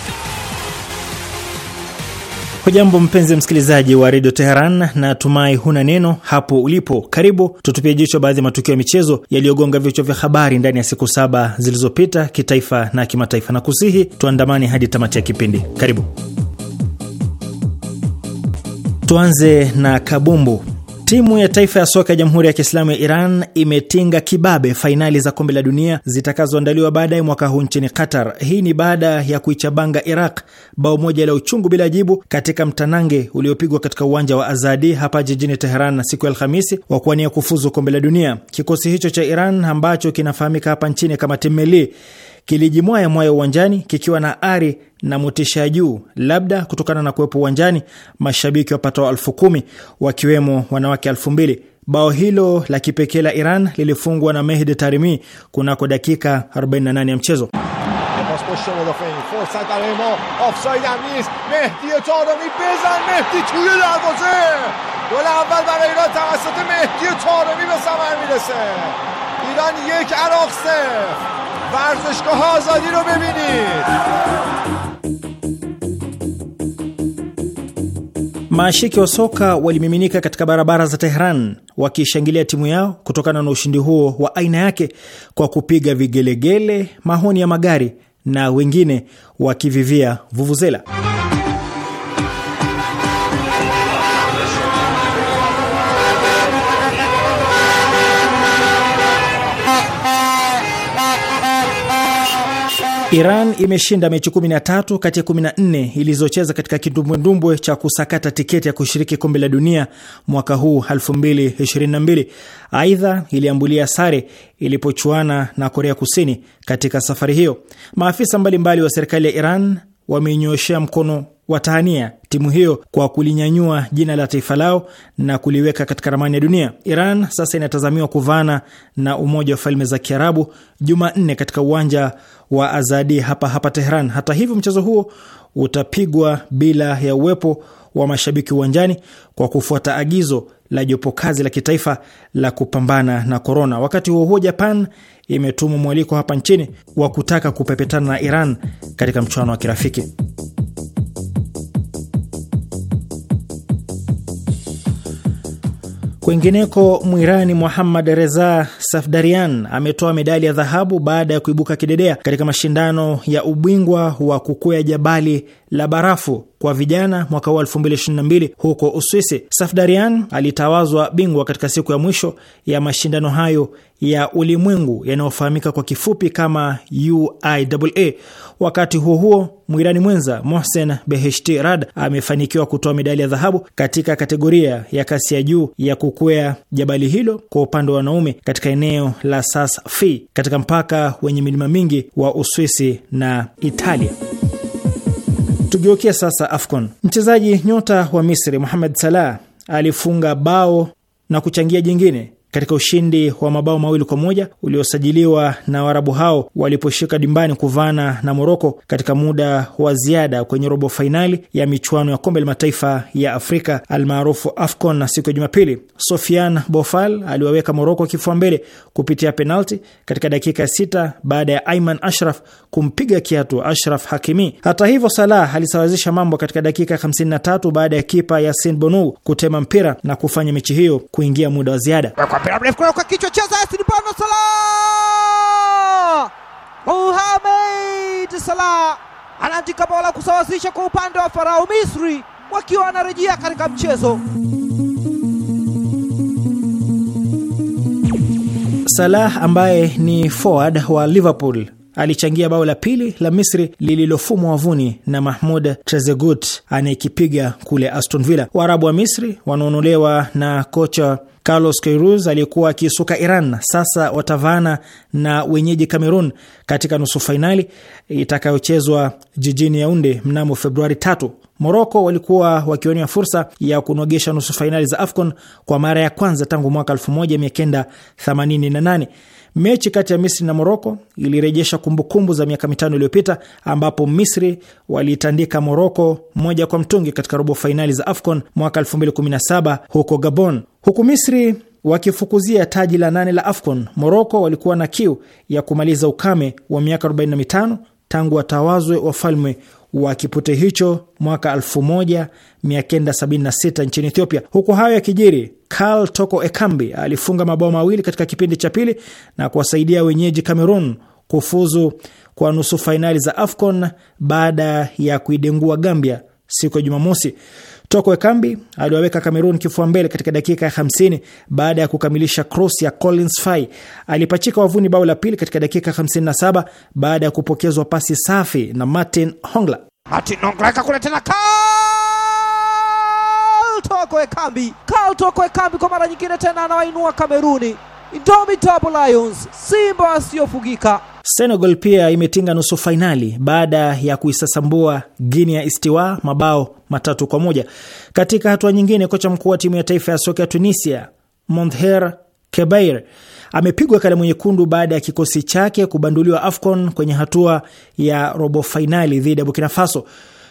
E: Hujambo mpenzi msikilizaji wa redio Teheran na tumai huna neno hapo ulipo. Karibu tutupie jicho baadhi ya matukio ya michezo yaliyogonga vichwa vya habari ndani ya siku saba zilizopita, kitaifa na kimataifa, na kusihi tuandamani hadi tamati ya kipindi. Karibu. Tuanze na kabumbu. Timu ya taifa ya soka ya Jamhuri ya Kiislamu ya Iran imetinga kibabe fainali za kombe la dunia zitakazoandaliwa baadaye mwaka huu nchini Qatar. Hii ni baada ya kuichabanga Iraq bao moja la uchungu bila jibu katika mtanange uliopigwa katika uwanja wa Azadi hapa jijini Teheran na siku ya Alhamisi wa kuwania kufuzu kombe la dunia. Kikosi hicho cha Iran ambacho kinafahamika hapa nchini kama Timmeli kilijimwaya mwayo uwanjani kikiwa na ari na motisha ya juu, labda kutokana na kuwepo uwanjani mashabiki wapatao elfu kumi wakiwemo wanawake elfu mbili. Bao hilo la kipekee la Iran lilifungwa na Mehdi Tarimi kunako dakika 48 ya mchezo.
A: ورزشگاه آزادی رو ببینید
E: Mashiki wa soka walimiminika katika barabara za Tehran wakishangilia timu yao kutokana na ushindi huo wa aina yake kwa kupiga vigelegele, mahoni ya magari na wengine wakivivia vuvuzela. Iran imeshinda mechi 13 kati ya 14 ilizocheza katika kindumbwendumbwe cha kusakata tiketi ya kushiriki kombe la dunia mwaka huu 2022. Aidha, iliambulia sare ilipochuana na Korea Kusini katika safari hiyo. Maafisa mbalimbali mbali wa serikali ya Iran wameinyoshea mkono watahania timu hiyo kwa kulinyanyua jina la taifa lao na kuliweka katika ramani ya dunia. Iran sasa inatazamiwa kuvaana na Umoja wa Falme za Kiarabu Jumanne katika uwanja wa Azadi hapa hapa Tehran. Hata hivyo, mchezo huo utapigwa bila ya uwepo wa mashabiki uwanjani kwa kufuata agizo la jopo kazi la kitaifa la kupambana na korona. Wakati huo huo, Japan imetuma mwaliko hapa nchini wa kutaka kupepetana na Iran katika mchuano wa kirafiki. Kwengineko, Mwirani Muhammad Reza Safdarian ametoa medali ya dhahabu baada ya kuibuka kidedea katika mashindano ya ubingwa wa kukwea jabali la barafu kwa vijana mwaka huu 2022 huko Uswisi. Safdarian alitawazwa bingwa katika siku ya mwisho ya mashindano hayo ya ulimwengu yanayofahamika kwa kifupi kama UIAA. Wakati huo huo, mwirani mwenza Mohsen Beheshti Rad amefanikiwa kutoa medali ya dhahabu katika kategoria ya kasi ya juu ya kukwea jabali hilo kwa upande wa wanaume katika eneo la Sas katika mpaka wenye milima mingi wa Uswisi na Italia. Tugeukie sasa AFCON. Mchezaji nyota wa Misri muhamed Salah alifunga bao na kuchangia jingine katika ushindi wa mabao mawili kwa moja uliosajiliwa na Waarabu hao waliposhika dimbani kuvana na Moroko katika muda wa ziada kwenye robo fainali ya michuano ya kombe la mataifa ya Afrika almaarufu AFCON na siku ya Jumapili, Sofian Bofal aliwaweka Moroko kifua mbele kupitia penalti katika dakika ya sita baada ya Aiman Ashraf kumpiga kiatu Ashraf Hakimi. Hata hivyo, Salah alisawazisha mambo katika dakika 53 baada ya kipa Yasin Bonu kutema mpira na kufanya mechi hiyo kuingia muda wa ziada. Mpira mrefu kwa kichwa cha Zaitun Bwana
F: Salah. Mohamed Salah anaandika bao la kusawazisha kwa upande wa Farao Misri wakiwa wanarejea katika mchezo.
E: Salah ambaye ni forward wa Liverpool alichangia bao la pili la Misri lililofumwa wavuni na Mahmud Trezegut anayekipiga kule Aston Villa. Waarabu wa Misri wanaonolewa na kocha Carlos Queiroz aliyekuwa akiisuka Iran sasa watavaana na wenyeji Cameroon katika nusu fainali itakayochezwa jijini Yaunde mnamo Februari tatu. Moroko walikuwa wakionia fursa ya kunogesha nusu fainali za AFCON kwa mara ya kwanza tangu mwaka 1988. Mechi kati ya Misri na Moroko ilirejesha kumbukumbu za miaka mitano iliyopita ambapo Misri waliitandika Moroko moja kwa mtungi katika robo fainali za AFCON mwaka 2017 huko Gabon. Huku Misri wakifukuzia taji la nane la AFCON, Moroko walikuwa na kiu ya kumaliza ukame wa miaka 45 tangu watawazwe wafalme wa kipute hicho mwaka 1976 nchini Ethiopia. Huku hayo yakijiri, Karl Toko Ekambi alifunga mabao mawili katika kipindi cha pili na kuwasaidia wenyeji Cameroon kufuzu kwa nusu fainali za AFCON baada ya kuidengua Gambia siku ya Jumamosi. Tokwe kambi aliwaweka Cameroon kifua mbele katika dakika ya 50 baada ya kukamilisha cross ya Collins Fai. Alipachika wavuni bao la pili katika dakika 57 baada ya kupokezwa pasi safi na Martin Hongla. Martin Hongla akakula tena ka
F: kwa mara nyingine tena anawainua Kameruni. Indomitable Lions,
E: simba wasiofugika. Senegal pia imetinga nusu fainali baada ya kuisasambua Guinea ya Istiwa mabao matatu kwa moja. Katika hatua nyingine, kocha mkuu wa timu ya taifa ya soka ya Tunisia Monther Kebair amepigwa kalamu nyekundu baada ya kikosi chake kubanduliwa AFCON kwenye hatua ya robo fainali dhidi ya Burkina Faso.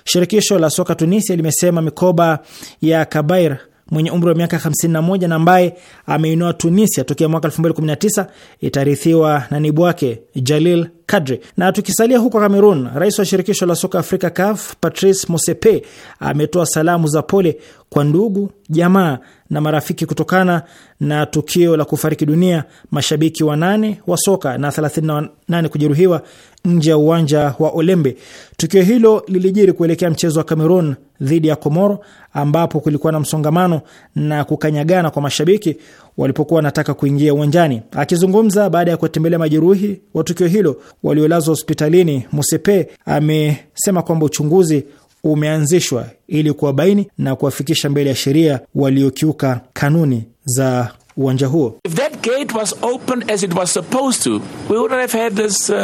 E: Shirikisho la soka Tunisia limesema mikoba ya Kabair mwenye umri wa miaka 51 na ambaye ameinua Tunisia tokea mwaka 2019 itarithiwa na naibu wake Jalil kadri. Na tukisalia huko Cameroon, rais wa shirikisho la soka Afrika CAF Patrice Motsepe ametoa salamu za pole kwa ndugu, jamaa na marafiki kutokana na tukio la kufariki dunia mashabiki wanane wa soka na 38 kujeruhiwa nje ya uwanja wa Olembe. Tukio hilo lilijiri kuelekea mchezo wa Cameroon dhidi ya Komoro ambapo kulikuwa na msongamano na kukanyagana kwa mashabiki walipokuwa wanataka kuingia uwanjani. Akizungumza baada ya kuwatembelea majeruhi wa tukio hilo waliolazwa hospitalini, Musepe amesema kwamba uchunguzi umeanzishwa ili kuwabaini na kuwafikisha mbele ya sheria waliokiuka kanuni za uwanja huo.
B: If that gate was opened as it was supposed to, we wouldn't have had this uh,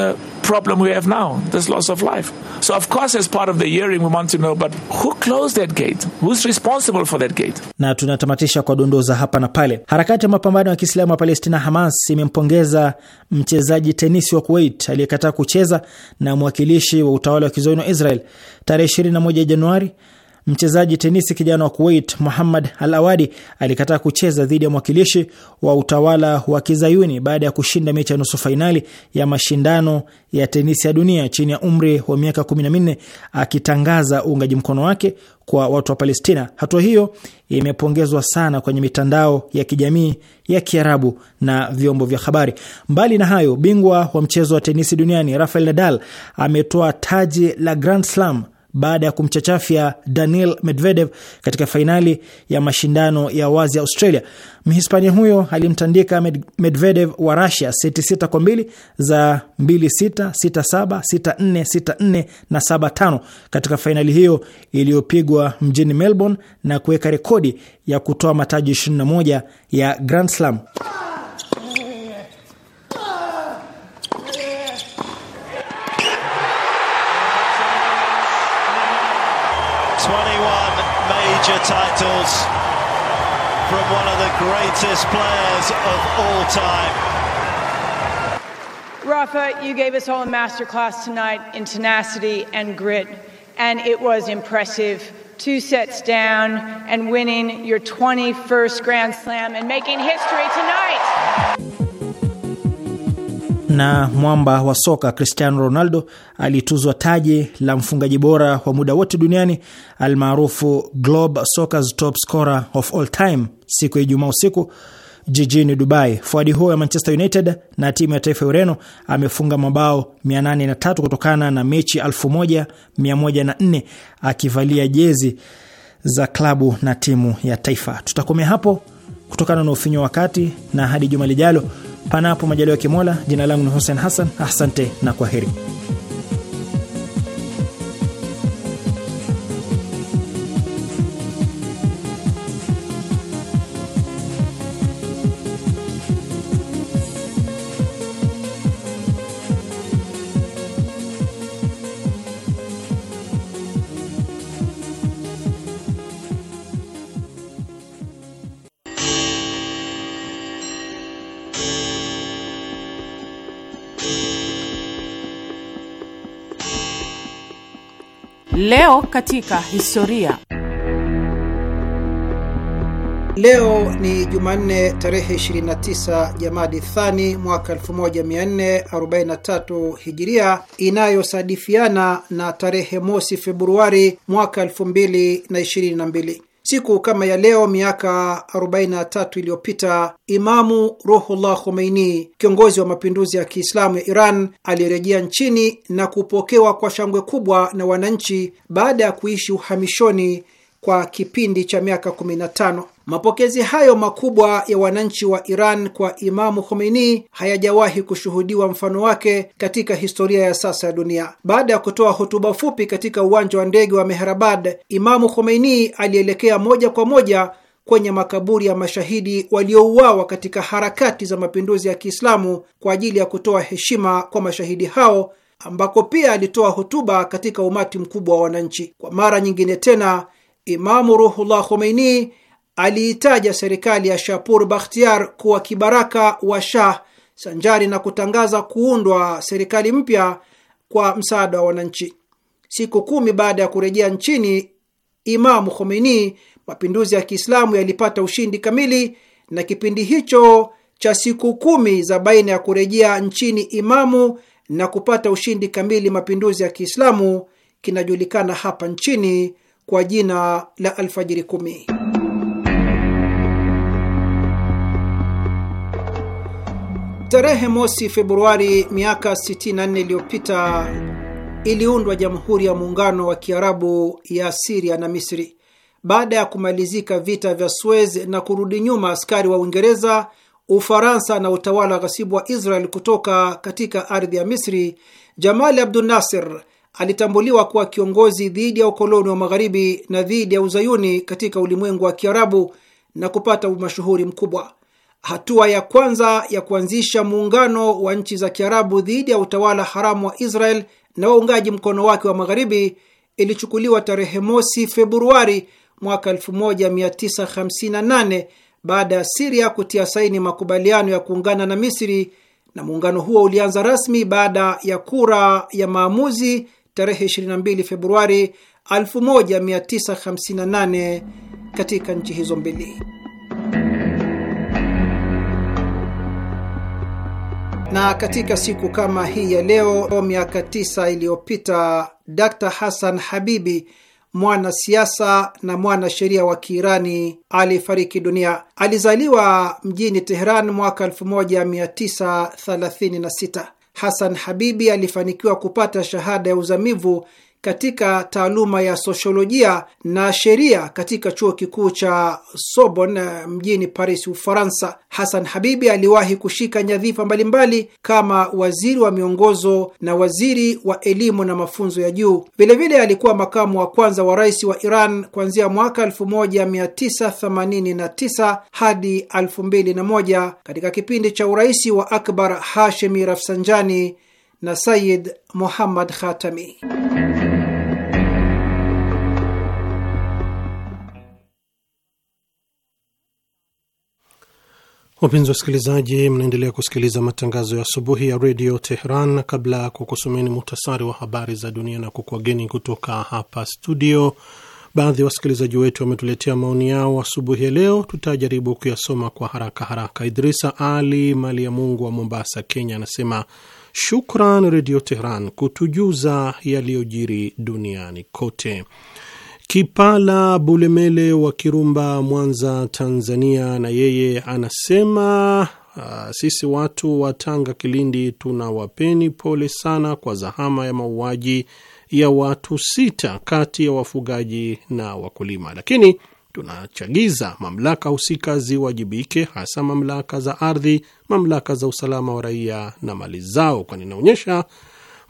B: problem we have now, this loss of life. So of course as part of the hearing we want to know but who closed that gate? Who's responsible for that gate?
E: Na tunatamatisha kwa dondoo za hapa na pale. Harakati ya mapambano ya Kiislamu ya Palestina Hamas imempongeza mchezaji tenisi wa Kuwait aliyekataa kucheza na mwakilishi wa utawala wa kizayuni wa Israel tarehe 21 Januari Mchezaji tenisi kijana wa Kuwait Muhammad Al Awadi alikataa kucheza dhidi ya mwakilishi wa utawala wa kizayuni baada ya kushinda mechi ya nusu fainali ya mashindano ya tenisi ya dunia chini ya umri wa miaka 14 akitangaza uungaji mkono wake kwa watu wa Palestina. Hatua hiyo imepongezwa sana kwenye mitandao ya kijamii ya Kiarabu na vyombo vya habari. Mbali na hayo, bingwa wa mchezo wa tenisi duniani Rafael Nadal ametoa taji la Grand Slam baada ya kumchachafya Daniil Medvedev katika fainali ya mashindano ya wazi ya Australia. Mhispania huyo alimtandika Medvedev wa Russia seti sita kwa mbili za mbili sita sita saba sita nne sita nne na saba tano katika fainali hiyo iliyopigwa mjini Melbourne na kuweka rekodi ya kutoa mataji 21 ya Grand Slam.
A: major titles from one of the greatest players of all time.
G: Rafa, you gave us all a masterclass tonight in tenacity and grit, and it was impressive. Two sets down and winning your 21st Grand Slam and making history tonight.
E: na mwamba wa soka Cristiano Ronaldo alituzwa taji la mfungaji bora wa muda wote duniani almaarufu Globe Soccer's Top Scorer of All Time siku ya Ijumaa usiku jijini Dubai. Fuadi huo ya Manchester United na timu ya taifa ya Ureno amefunga mabao 803 kutokana na mechi 1104 akivalia jezi za klabu na timu ya taifa. Tutakomea hapo kutokana na ufinyo wakati, na hadi juma lijalo Panapo majaliwa ya Kimola, jina langu ni Hussein Hassan, asante na kwa heri
A: Leo katika historia.
F: Leo ni Jumanne tarehe 29 Jamadi Thani mwaka 1443 Hijiria, inayosadifiana na tarehe mosi Februari mwaka 2022. Siku kama ya leo miaka 43 iliyopita Imamu Ruhullah Khomeini, kiongozi wa mapinduzi ya Kiislamu ya Iran, alirejea nchini na kupokewa kwa shangwe kubwa na wananchi baada ya kuishi uhamishoni kwa kipindi cha miaka 15. Mapokezi hayo makubwa ya wananchi wa Iran kwa Imamu Khomeini hayajawahi kushuhudiwa mfano wake katika historia ya sasa ya dunia. Baada ya kutoa hotuba fupi katika uwanja wa ndege wa Mehrabad, Imamu Khomeini alielekea moja kwa moja kwenye makaburi ya mashahidi waliouawa katika harakati za mapinduzi ya Kiislamu kwa ajili ya kutoa heshima kwa mashahidi hao, ambako pia alitoa hotuba katika umati mkubwa wa wananchi. Kwa mara nyingine tena, Imamu Ruhullah Khomeini aliitaja serikali ya Shapur Bakhtiar kuwa kibaraka wa Shah sanjari na kutangaza kuundwa serikali mpya kwa msaada wa wananchi. Siku kumi baada ya kurejea nchini Imamu Khomeini, mapinduzi ya Kiislamu yalipata ushindi kamili, na kipindi hicho cha siku kumi za baina ya kurejea nchini Imamu na kupata ushindi kamili mapinduzi ya Kiislamu kinajulikana hapa nchini kwa jina la Alfajiri Kumi. Tarehe mosi Februari miaka 64 iliyopita iliundwa Jamhuri ya Muungano wa Kiarabu ya Siria na Misri baada ya kumalizika vita vya Suez na kurudi nyuma askari wa Uingereza, Ufaransa na utawala ghasibu wa Israel kutoka katika ardhi ya Misri. Jamal Abdul Nasser alitambuliwa kuwa kiongozi dhidi ya ukoloni wa Magharibi na dhidi ya uzayuni katika ulimwengu wa Kiarabu na kupata umashuhuri mkubwa. Hatua ya kwanza ya kuanzisha muungano wa nchi za Kiarabu dhidi ya utawala haramu wa Israel na waungaji mkono wake wa magharibi ilichukuliwa tarehe mosi Februari mwaka 1958 baada ya Siria kutia saini makubaliano ya kuungana na Misri, na muungano huo ulianza rasmi baada ya kura ya maamuzi tarehe 22 Februari 1958 katika nchi hizo mbili. Na katika siku kama hii ya leo miaka tisa iliyopita Dr. Hassan Habibi mwanasiasa na mwanasheria wa Kiirani alifariki dunia. Alizaliwa mjini Teheran mwaka 1936. Hasan Habibi alifanikiwa kupata shahada ya uzamivu katika taaluma ya sosiolojia na sheria katika chuo kikuu cha Sorbonne eh, mjini Paris, Ufaransa. Hassan Habibi aliwahi kushika nyadhifa mbalimbali kama waziri wa miongozo na waziri wa elimu na mafunzo ya juu. Vilevile alikuwa makamu wa kwanza wa rais wa Iran kuanzia mwaka 1989 hadi 2001 katika kipindi cha urais wa Akbar Hashemi Rafsanjani na Sayid Muhammad Khatami.
B: Wapenzi wasikilizaji, mnaendelea kusikiliza matangazo ya asubuhi ya redio Tehran. Kabla ya kukusomeni muhtasari wa habari za dunia na kukuageni kutoka hapa studio, baadhi ya wasikilizaji wetu wametuletea maoni yao asubuhi ya leo. Tutajaribu kuyasoma kwa haraka haraka. Idrisa Ali Mali ya Mungu wa Mombasa, Kenya, anasema Shukran Redio Tehran kutujuza yaliyojiri duniani kote. Kipala Bulemele wa Kirumba, Mwanza, Tanzania, na yeye anasema Uh, sisi watu wa Tanga Kilindi tunawapeni pole sana kwa zahama ya mauaji ya watu sita kati ya wafugaji na wakulima, lakini tunachagiza mamlaka husika ziwajibike, hasa mamlaka za ardhi mamlaka za usalama wa raia na mali zao, kwani inaonyesha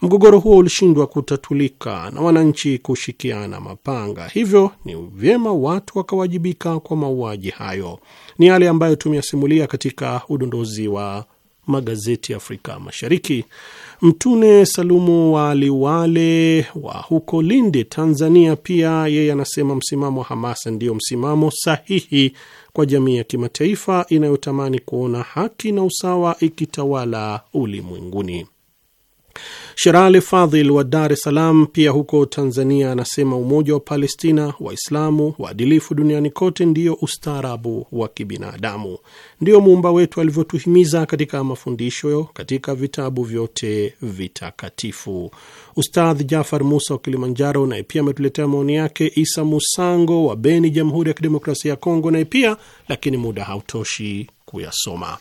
B: mgogoro huo ulishindwa kutatulika na wananchi kushikiana mapanga. Hivyo ni vyema watu wakawajibika kwa mauaji hayo. Ni yale ambayo tumeyasimulia katika udondozi wa magazeti Afrika Mashariki. Mtune Salumu wa Liwale wa huko Lindi, Tanzania, pia yeye anasema msimamo wa Hamas ndiyo msimamo sahihi kwa jamii ya kimataifa inayotamani kuona haki na usawa ikitawala ulimwenguni. Sherali Fadhil wa Dar es Salaam, pia huko Tanzania, anasema umoja wa Palestina, Waislamu waadilifu duniani kote ndio ustaarabu wa kibinadamu, ndio muumba wetu alivyotuhimiza katika mafundisho, katika vitabu vyote vitakatifu. Ustadh Jafar Musa wa Kilimanjaro naye pia ametuletea maoni yake. Isa Musango wa Beni, Jamhuri ya Kidemokrasia ya Kongo naye pia, lakini muda hautoshi kuyasoma.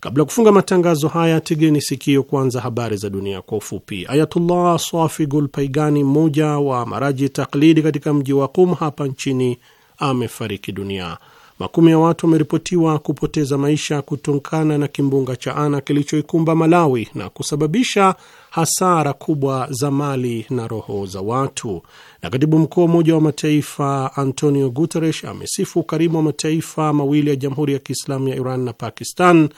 B: Kabla ya kufunga matangazo haya, tegeni sikio kwanza habari za dunia kwa ufupi. Ayatullah Safi Gulpaigani, mmoja wa maraji taklidi katika mji wa Qum hapa nchini, amefariki dunia. Makumi ya watu wameripotiwa kupoteza maisha kutokana na kimbunga cha Ana kilichoikumba Malawi na kusababisha hasara kubwa za mali na roho za watu. Na katibu mkuu wa Umoja wa Mataifa Antonio Guterres amesifu ukarimu wa mataifa mawili ya Jamhuri ya Kiislamu ya Iran na Pakistan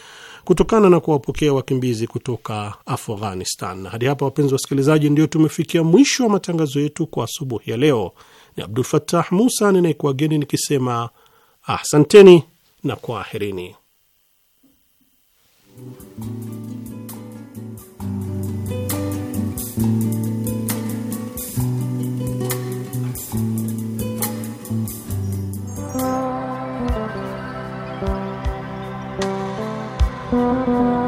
B: kutokana na kuwapokea wakimbizi kutoka Afghanistan. Na hadi hapa, wapenzi wasikilizaji, ndio tumefikia mwisho wa matangazo yetu kwa asubuhi ya leo. Ni Abdul fatah Musa ninayekuwageni nikisema asanteni na kwaherini.
G: Música